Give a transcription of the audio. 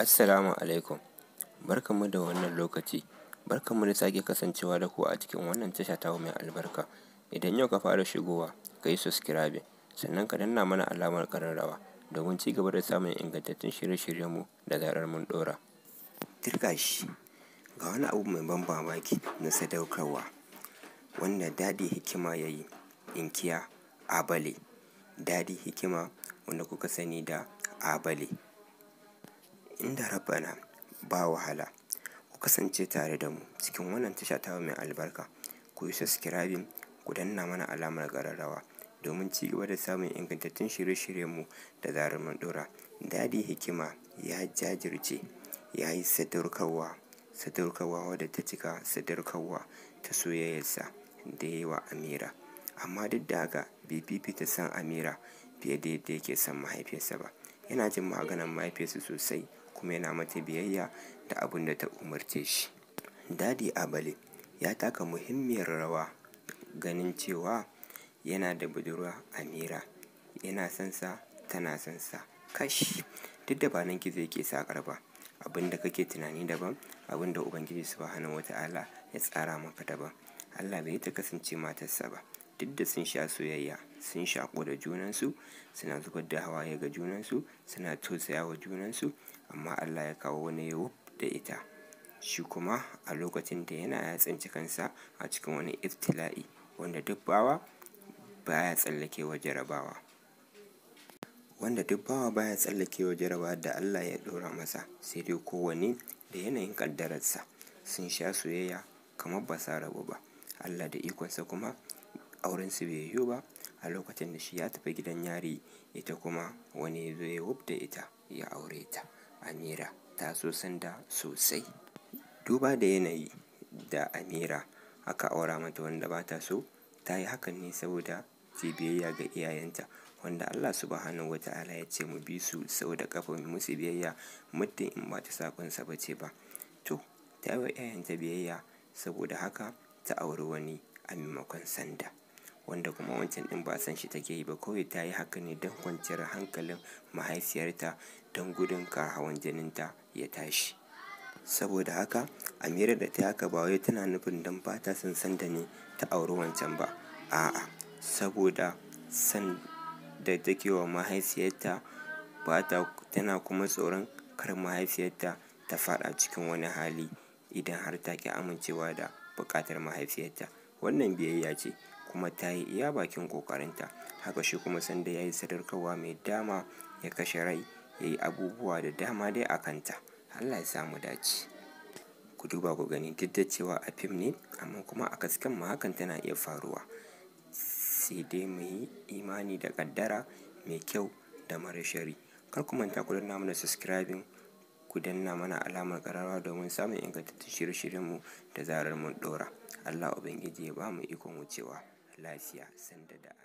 Assalamu alaikum. Barkanmu da wannan lokaci. Barkanmu da sake kasancewa da ku a cikin wannan tasha ta mai albarka. Idan yau ka fara shigowa, ka yi subscribe sannan ka danna mana alamar ƙararrawa domin ci gaba da samun ingantattun shirye-shiryenmu da zarar mun ɗora. Turka shi ga wani abu mai ban mamaki na sadaukarwa wanda Dadi Hikima ya yi, inkiya Abale. Dadi Hikima wanda kuka sani da Abale. inda rabbana ba wahala ku kasance tare da mu cikin wannan tasha ta mai albarka ku yi subscribing ku danna mana alamar gararrawa domin ci gaba da samun ingantattun shirye-shiryenmu da zarar mun dora dadi hikima ya jajirce ya yi sadaukarwa sadaukarwa wadda ta cika sadaukarwa ta soyayyarsa da yi wa amira amma duk da haka bai ta san amira fiye da yadda yake son mahaifiyarsa ba yana jin maganar mahaifiyarsa sosai kuma yana mata biyayya da abin da ta umarce shi dadi abale ya taka muhimmiyar rawa ganin cewa yana da budurwa amira yana son tana son sa kashi. duk da ba nan gizo yake sakar ba abin da kake tunani daban abin da ubangiji wata wata'ala ya tsara maka daban allah bai ta kasance matarsa ba duk da sun sha soyayya sun shaƙo da junansu suna zubar da hawaye ga junansu suna tosaya wa junansu amma Allah ya kawo wani wuf da ita shi kuma a lokacin da yana ya tsinci kansa a cikin wani iftila'i wanda duk bawa baya tsallakewa jarabawa wanda duk bawa baya tsallakewa jarabawa da Allah ya ɗora masa sai dai kowane da yanayin ƙaddararsa sun sha soyayya kamar ba sa rabu ba Allah da ikonsa kuma aurensu bai yiwu ba a lokacin da shi ya tafi gidan yari ita kuma wani ya zo ya wub da ita ya aure ta Amira ta so Sanda sosai. Duba da yanayi da Amira aka aura mata wanda ba ta so, ta yi hakan ne saboda ta biyayya ga iyayenta wanda Allah subhanahu wa ta'ala ya ce mu bi su sau da ƙafa mu musu biyayya muddin in ba ta saƙonsa ba ce ba. To, ta yi wa iyayenta biyayya saboda haka ta auri wani a maimakon Sanda. wanda kuma wancan ɗin ba san shi take yi ba kawai ta yi haka ne don kwanciyar hankalin mahaifiyarta don gudun ka hawan jininta ya tashi saboda haka amira da ta haka ba tana nufin don ba ta son sanda ne ta auri wancan ba a'a saboda san da take wa mahaifiyarta ba ta tana kuma tsoron kar mahaifiyarta ta faɗa cikin wani hali idan har ta ki amincewa da bukatar mahaifiyarta wannan biyayya ce kuma ta yi iya bakin ƙoƙarinta haka shi kuma sanda ya yi sadarkarwa mai dama ya kashe rai ya yi abubuwa da dama dai a kanta allah ya samu dace ku duba ku gani duk da cewa a fim ne amma kuma a kasken ma hakan tana iya faruwa sai dai mu yi imani da ƙaddara mai kyau da mara shari kar ku manta ku danna mana subscribing ku danna mana alamar ƙararrawa domin samun ingantattun shirye-shiryenmu da zarar mun ɗora allah ubangiji ya ba mu ikon wucewa lafiya sanda da